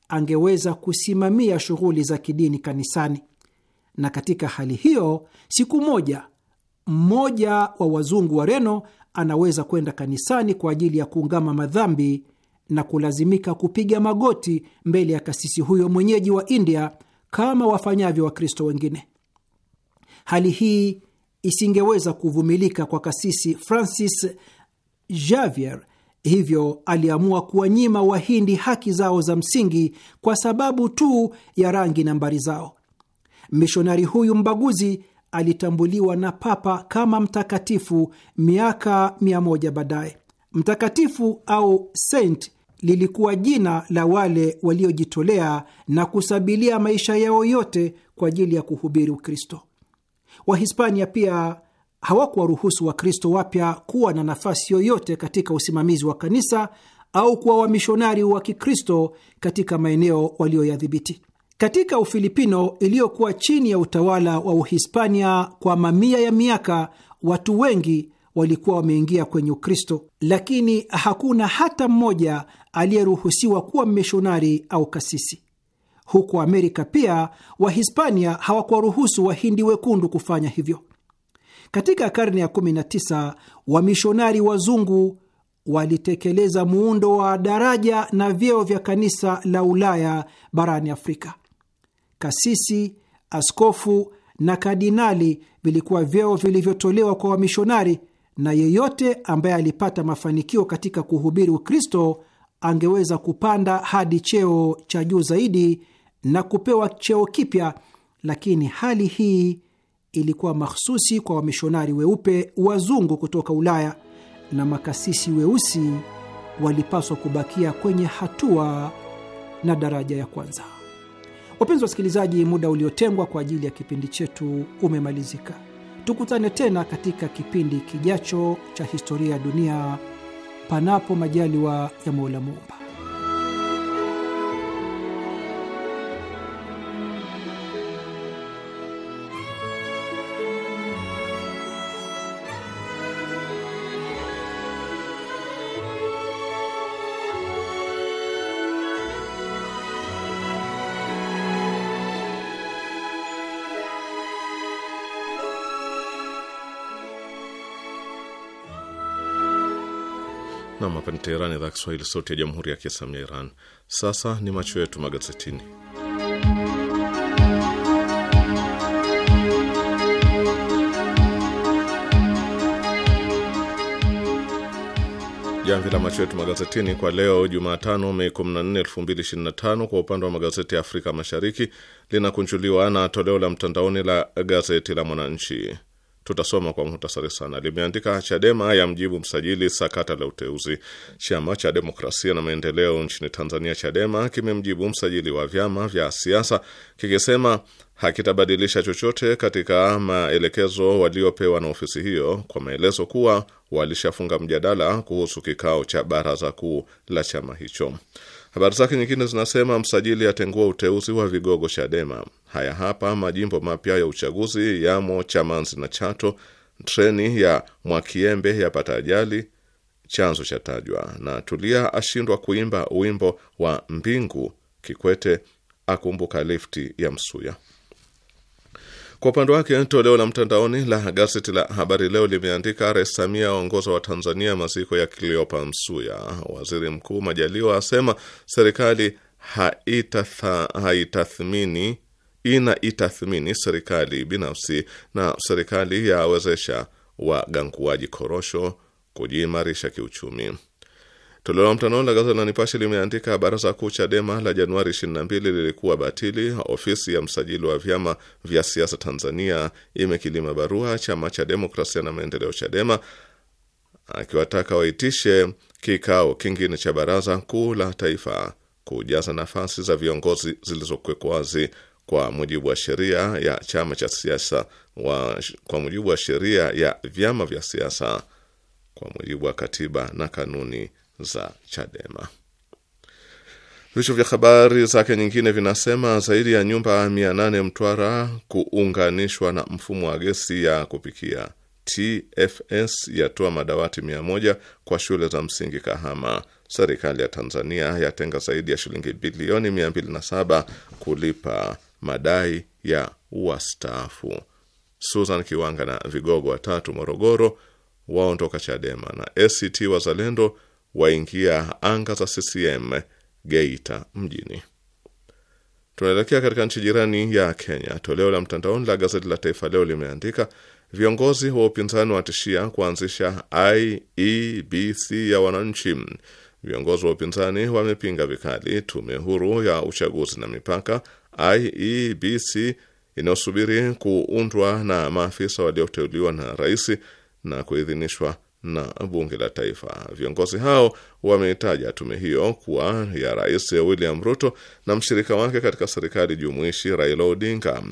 angeweza kusimamia shughuli za kidini kanisani na katika hali hiyo, siku moja mmoja wa wazungu wa reno anaweza kwenda kanisani kwa ajili ya kuungama madhambi na kulazimika kupiga magoti mbele ya kasisi huyo mwenyeji wa India kama wafanyavyo Wakristo wengine. Hali hii isingeweza kuvumilika kwa kasisi Francis Javier, hivyo aliamua kuwanyima Wahindi haki zao za msingi kwa sababu tu ya rangi nambari zao. Mishonari huyu mbaguzi alitambuliwa na papa kama mtakatifu miaka mia moja baadaye. Mtakatifu au saint lilikuwa jina la wale waliojitolea na kusabilia maisha yao yote kwa ajili ya kuhubiri Ukristo. Wahispania pia hawakuwaruhusu Wakristo wapya kuwa na nafasi yoyote katika usimamizi wa kanisa au kuwa wamishonari wa Kikristo katika maeneo walioyadhibiti katika Ufilipino iliyokuwa chini ya utawala wa Uhispania kwa mamia ya miaka, watu wengi walikuwa wameingia kwenye Ukristo, lakini hakuna hata mmoja aliyeruhusiwa kuwa mmishonari au kasisi. Huko Amerika pia Wahispania hawakuwaruhusu Wahindi wekundu kufanya hivyo. Katika karne ya 19 wamishonari wazungu walitekeleza muundo wa daraja na vyeo vya kanisa la Ulaya barani Afrika kasisi, askofu na kardinali vilikuwa vyeo vilivyotolewa kwa wamishonari, na yeyote ambaye alipata mafanikio katika kuhubiri Ukristo angeweza kupanda hadi cheo cha juu zaidi na kupewa cheo kipya, lakini hali hii ilikuwa mahsusi kwa wamishonari weupe wazungu kutoka Ulaya, na makasisi weusi walipaswa kubakia kwenye hatua na daraja ya kwanza. Wapenzi wasikilizaji, muda uliotengwa kwa ajili ya kipindi chetu umemalizika. Tukutane tena katika kipindi kijacho cha historia ya dunia, panapo majaliwa ya Mola Muumba. Nam, hapa ni Teherani, idhaa Kiswahili, sauti ya jamhuri ya kiislamu ya Iran. Sasa ni macho yetu magazetini. Jamvi la macho yetu magazetini kwa leo Jumatano, Mei 14, 2025, kwa upande wa magazeti ya Afrika Mashariki linakunjuliwa na toleo la mtandaoni la gazeti la Mwananchi Tutasoma kwa muhtasari sana. Limeandika Chadema ya mjibu msajili sakata la uteuzi. Chama cha Demokrasia na Maendeleo nchini Tanzania, Chadema, kimemjibu msajili wa vyama vya siasa kikisema hakitabadilisha chochote katika maelekezo waliopewa na ofisi hiyo, kwa maelezo kuwa walishafunga mjadala kuhusu kikao cha baraza kuu la chama hicho. Habari zake nyingine zinasema msajili atengua uteuzi wa vigogo Chadema. Haya hapa majimbo mapya ya uchaguzi yamo Chamanzi na Chato. Treni ya Mwakiembe yapata ajali, chanzo cha tajwa Na Tulia ashindwa kuimba wimbo wa Mbingu. Kikwete akumbuka lifti ya Msuya. Kwa upande wake toleo la mtandaoni la gazeti la Habari Leo limeandika Rais Samia aongoza wa Tanzania maziko ya kiliopa Msuya. Waziri Mkuu Majaliwa asema serikali haitathmini ina itathmini serikali binafsi na serikali yawezesha waganguaji korosho kujiimarisha kiuchumi. Toleo la mtandaoni la gazeti la Nipashe limeandika baraza kuu Chadema la Januari 22 lilikuwa batili. Ofisi ya msajili wa vyama vya siasa Tanzania imekilima barua chama cha demokrasia na maendeleo Chadema akiwataka waitishe kikao kingine cha baraza kuu la taifa kujaza nafasi za viongozi zilizokuwekwa wazi kwa mujibu wa sheria ya chama cha siasa wa, kwa mujibu wa sheria ya vyama vya siasa kwa mujibu wa katiba na kanuni za Chadema. Vichwa vya habari zake nyingine vinasema zaidi ya nyumba mia nane Mtwara kuunganishwa na mfumo wa gesi ya kupikia. TFS yatoa madawati mia moja kwa shule za msingi Kahama. Serikali ya Tanzania yatenga zaidi ya shilingi bilioni 27 kulipa madai ya wastaafu. Susan Kiwanga na vigogo watatu Morogoro waondoka Chadema na ACT Wazalendo waingia anga za CCM Geita mjini. Tunaelekea katika nchi jirani ya Kenya. Toleo la mtandaoni la gazeti la Taifa Leo limeandika viongozi wa upinzani watishia kuanzisha IEBC ya wananchi. Viongozi wa upinzani wamepinga vikali tume huru ya uchaguzi na mipaka IEBC inayosubiri kuundwa na maafisa walioteuliwa na rais na kuidhinishwa na bunge la taifa. Viongozi hao wameitaja tume hiyo kuwa ya Rais William Ruto na mshirika wake katika serikali jumuishi Raila Odinga.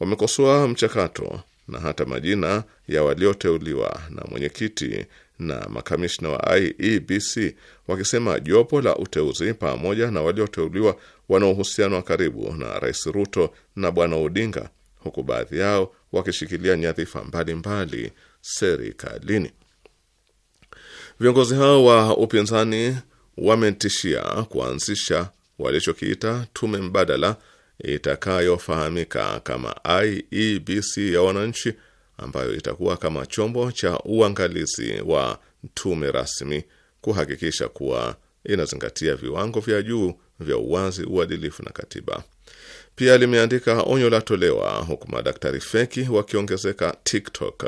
Wamekosoa mchakato na hata majina ya walioteuliwa na mwenyekiti na makamishna wa IEBC wakisema jopo la uteuzi pamoja na walioteuliwa wana uhusiano wa karibu na Rais Ruto na Bwana Odinga, huku baadhi yao wakishikilia nyadhifa mbalimbali serikalini. Viongozi hao wa upinzani wametishia kuanzisha walichokiita tume mbadala itakayofahamika kama IEBC ya wananchi, ambayo itakuwa kama chombo cha uangalizi wa tume rasmi kuhakikisha kuwa inazingatia viwango vya juu vya uwazi, uadilifu na katiba. Pia limeandika onyo la tolewa, huku madaktari feki wakiongezeka TikTok.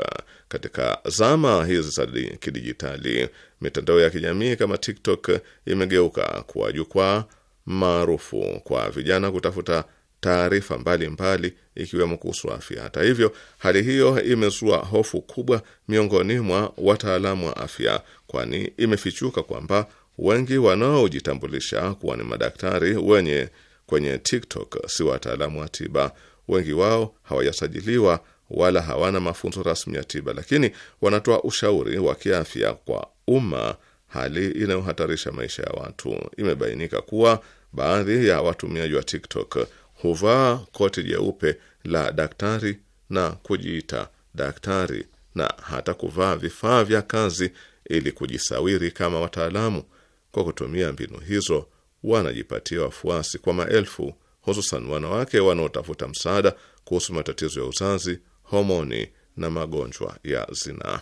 Katika zama hizi za kidijitali, mitandao ya kijamii kama TikTok imegeuka kuwa jukwaa maarufu kwa vijana kutafuta taarifa mbalimbali ikiwemo kuhusu afya. Hata hivyo, hali hiyo imezua hofu kubwa miongoni mwa wataalamu wa afya, kwani imefichuka kwamba wengi wanaojitambulisha kuwa ni madaktari wenye kwenye TikTok si wataalamu wa tiba. Wengi wao hawajasajiliwa wala hawana mafunzo rasmi ya tiba, lakini wanatoa ushauri wa kiafya kwa umma, hali inayohatarisha maisha ya watu. Imebainika kuwa baadhi ya watumiaji wa TikTok huvaa koti jeupe la daktari na kujiita daktari na hata kuvaa vifaa vya kazi ili kujisawiri kama wataalamu. Kwa kutumia mbinu hizo, wanajipatia wafuasi kwa maelfu, hususan wanawake wanaotafuta msaada kuhusu matatizo ya uzazi, homoni na magonjwa ya zinaa.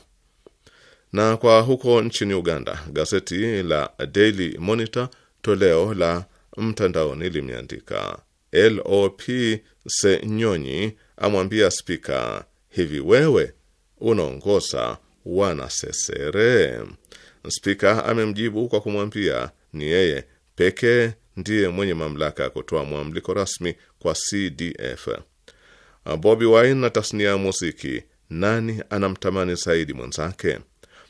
Na kwa huko nchini Uganda, gazeti la Daily Monitor toleo la mtandaoni limeandika LOP Senyonyi amwambia spika, hivi wewe unaongoza wanasesere? Spika amemjibu kwa kumwambia ni yeye pekee ndiye mwenye mamlaka ya kutoa mwamliko rasmi kwa CDF. Bobi Wine na tasnia ya muziki, nani anamtamani zaidi mwenzake?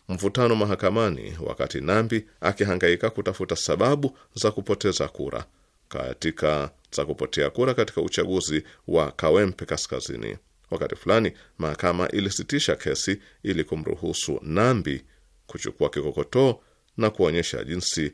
Mvutano mahakamani, wakati Nambi akihangaika kutafuta sababu za kupoteza kura katika za kupotea kura katika uchaguzi wa Kawempe Kaskazini. Wakati fulani mahakama ilisitisha kesi ili kumruhusu Nambi kuchukua kikokotoo na kuonyesha jinsi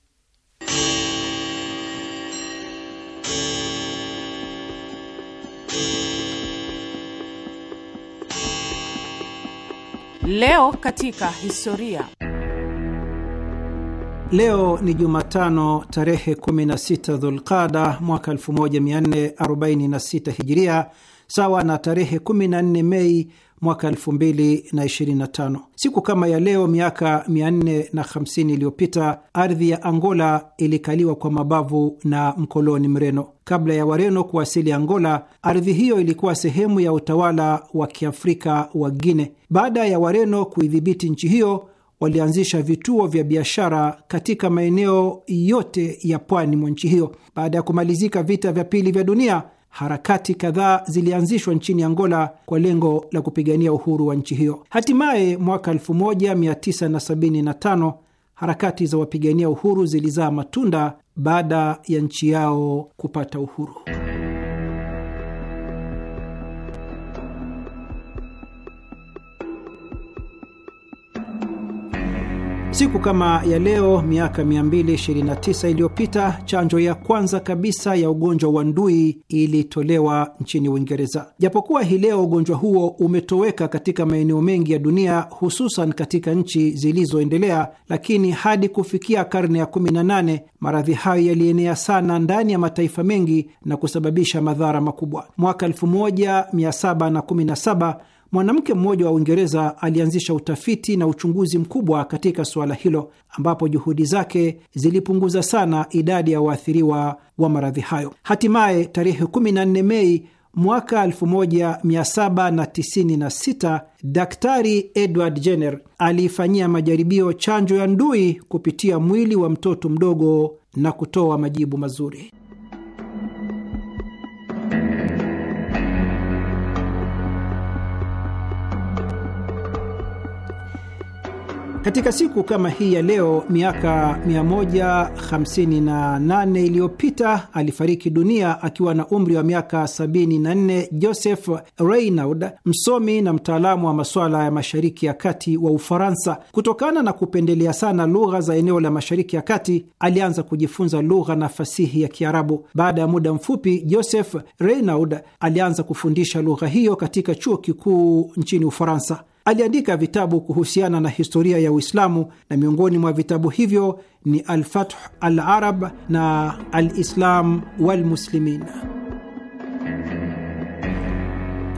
Leo katika historia. Leo ni Jumatano tarehe 16 Dhulqada mwaka 1446 Hijiria, sawa na tarehe 14 Mei mwaka 2025. Siku kama ya leo miaka 450 iliyopita ardhi ya Angola ilikaliwa kwa mabavu na mkoloni Mreno. Kabla ya Wareno kuwasili Angola, ardhi hiyo ilikuwa sehemu ya utawala wa Kiafrika wa Guine. Baada ya Wareno kuidhibiti nchi hiyo, walianzisha vituo vya biashara katika maeneo yote ya pwani mwa nchi hiyo. Baada ya kumalizika vita vya pili vya dunia harakati kadhaa zilianzishwa nchini Angola kwa lengo la kupigania uhuru wa nchi hiyo. Hatimaye mwaka 1975 harakati za wapigania uhuru zilizaa matunda baada ya nchi yao kupata uhuru. Siku kama ya leo miaka 229 iliyopita chanjo ya kwanza kabisa ya ugonjwa wa ndui ilitolewa nchini Uingereza. Japokuwa hii leo ugonjwa huo umetoweka katika maeneo mengi ya dunia, hususan katika nchi zilizoendelea, lakini hadi kufikia karne ya 18 maradhi hayo yalienea sana ndani ya mataifa mengi na kusababisha madhara makubwa. Mwaka 1717 Mwanamke mmoja wa Uingereza alianzisha utafiti na uchunguzi mkubwa katika suala hilo, ambapo juhudi zake zilipunguza sana idadi ya waathiriwa wa maradhi hayo. Hatimaye tarehe 14 Mei mwaka 1796 Daktari Edward Jenner aliifanyia majaribio chanjo ya ndui kupitia mwili wa mtoto mdogo na kutoa majibu mazuri. Katika siku kama hii ya leo miaka 158 iliyopita alifariki dunia akiwa na umri wa miaka 74 Joseph Reinaud, msomi na mtaalamu wa masuala ya Mashariki ya Kati wa Ufaransa. Kutokana na kupendelea sana lugha za eneo la Mashariki ya Kati, alianza kujifunza lugha na fasihi ya Kiarabu. Baada ya muda mfupi, Joseph Reinaud alianza kufundisha lugha hiyo katika chuo kikuu nchini Ufaransa. Aliandika vitabu kuhusiana na historia ya Uislamu na miongoni mwa vitabu hivyo ni Alfathu Alarab na Alislam Walmuslimin.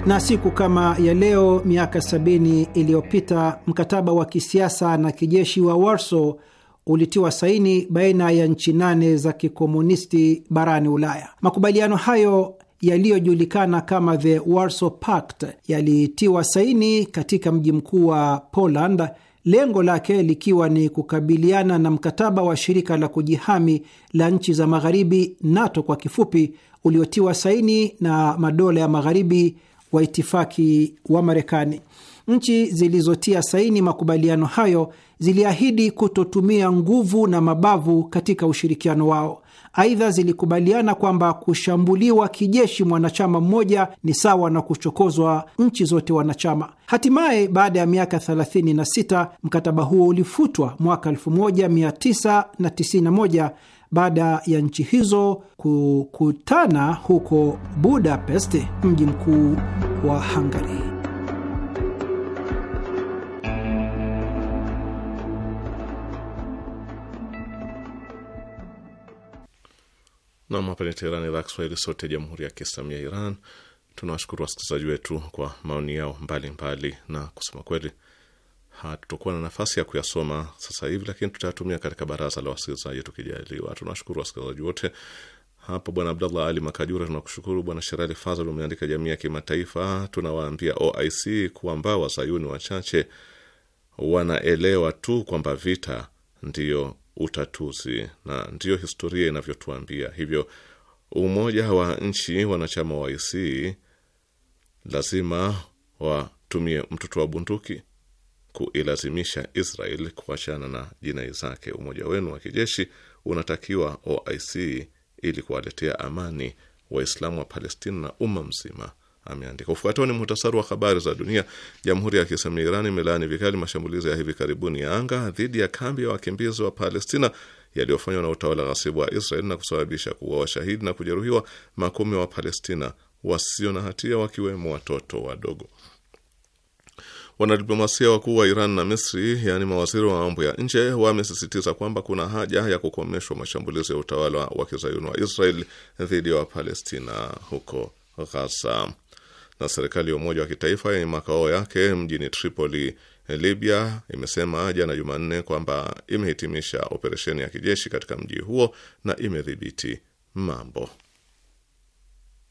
Na siku kama ya leo miaka 70 iliyopita mkataba wa kisiasa na kijeshi wa warso ulitiwa saini baina ya nchi nane za kikomunisti barani Ulaya. Makubaliano hayo yaliyojulikana kama the Warsaw Pact yaliitiwa saini katika mji mkuu wa Poland, lengo lake likiwa ni kukabiliana na mkataba wa shirika la kujihami la nchi za magharibi NATO kwa kifupi, uliotiwa saini na madola ya magharibi wa itifaki wa Marekani. Nchi zilizotia saini makubaliano hayo ziliahidi kutotumia nguvu na mabavu katika ushirikiano wao. Aidha, zilikubaliana kwamba kushambuliwa kijeshi mwanachama mmoja ni sawa na kuchokozwa nchi zote wanachama. Hatimaye, baada ya miaka 36 mkataba huo ulifutwa mwaka 1991 baada ya nchi hizo kukutana huko Budapest, mji mkuu wa Hungary. Nam, hapa ni Teherani, idhaa Kiswahili sote jamhuri ya kiislamia ya Iran. Tunawashukuru wasikilizaji wetu kwa maoni yao mbalimbali, na kusema kweli hatutokuwa na nafasi ya kuyasoma sasa hivi, lakini tutayatumia katika baraza la wasikilizaji tukijaliwa. Tunawashukuru wasikilizaji wote hapo. Bwana Abdallah Ali Makajura tunakushukuru. Bwana Sherali Fazl umeandika jamii ya kimataifa, tunawaambia OIC kwamba wazayuni wachache wanaelewa tu kwamba vita ndiyo utatuzi, na ndiyo historia inavyotuambia hivyo. Umoja wa nchi wanachama wa IC lazima watumie mtoto wa bunduki kuilazimisha Israel kuachana na jinai zake. Umoja wenu wa kijeshi unatakiwa OIC ili kuwaletea amani Waislamu wa Palestina na umma mzima ameandika. Ufuatao ni muhtasari wa habari za dunia. Jamhuri ya Kiislamu ya Iran imelaani vikali mashambulizi ya hivi karibuni ya anga dhidi ya kambi ya wakimbizi wa Palestina yaliyofanywa na utawala ghasibu wa Israel na kusababisha kuwa washahidi na kujeruhiwa makumi wa Palestina wasio na hatia wakiwemo watoto wadogo. Wanadiplomasia wakuu wa Iran na Misri, yaani mawaziri wa mambo ya nje, wamesisitiza kwamba kuna haja ya kukomeshwa mashambulizi ya utawala wa kizayuni wa Israel dhidi ya Wapalestina huko Ghaza na serikali ya Umoja wa Kitaifa yenye makao yake mjini Tripoli, Libya, imesema jana Jumanne kwamba imehitimisha operesheni ya kijeshi katika mji huo na imedhibiti mambo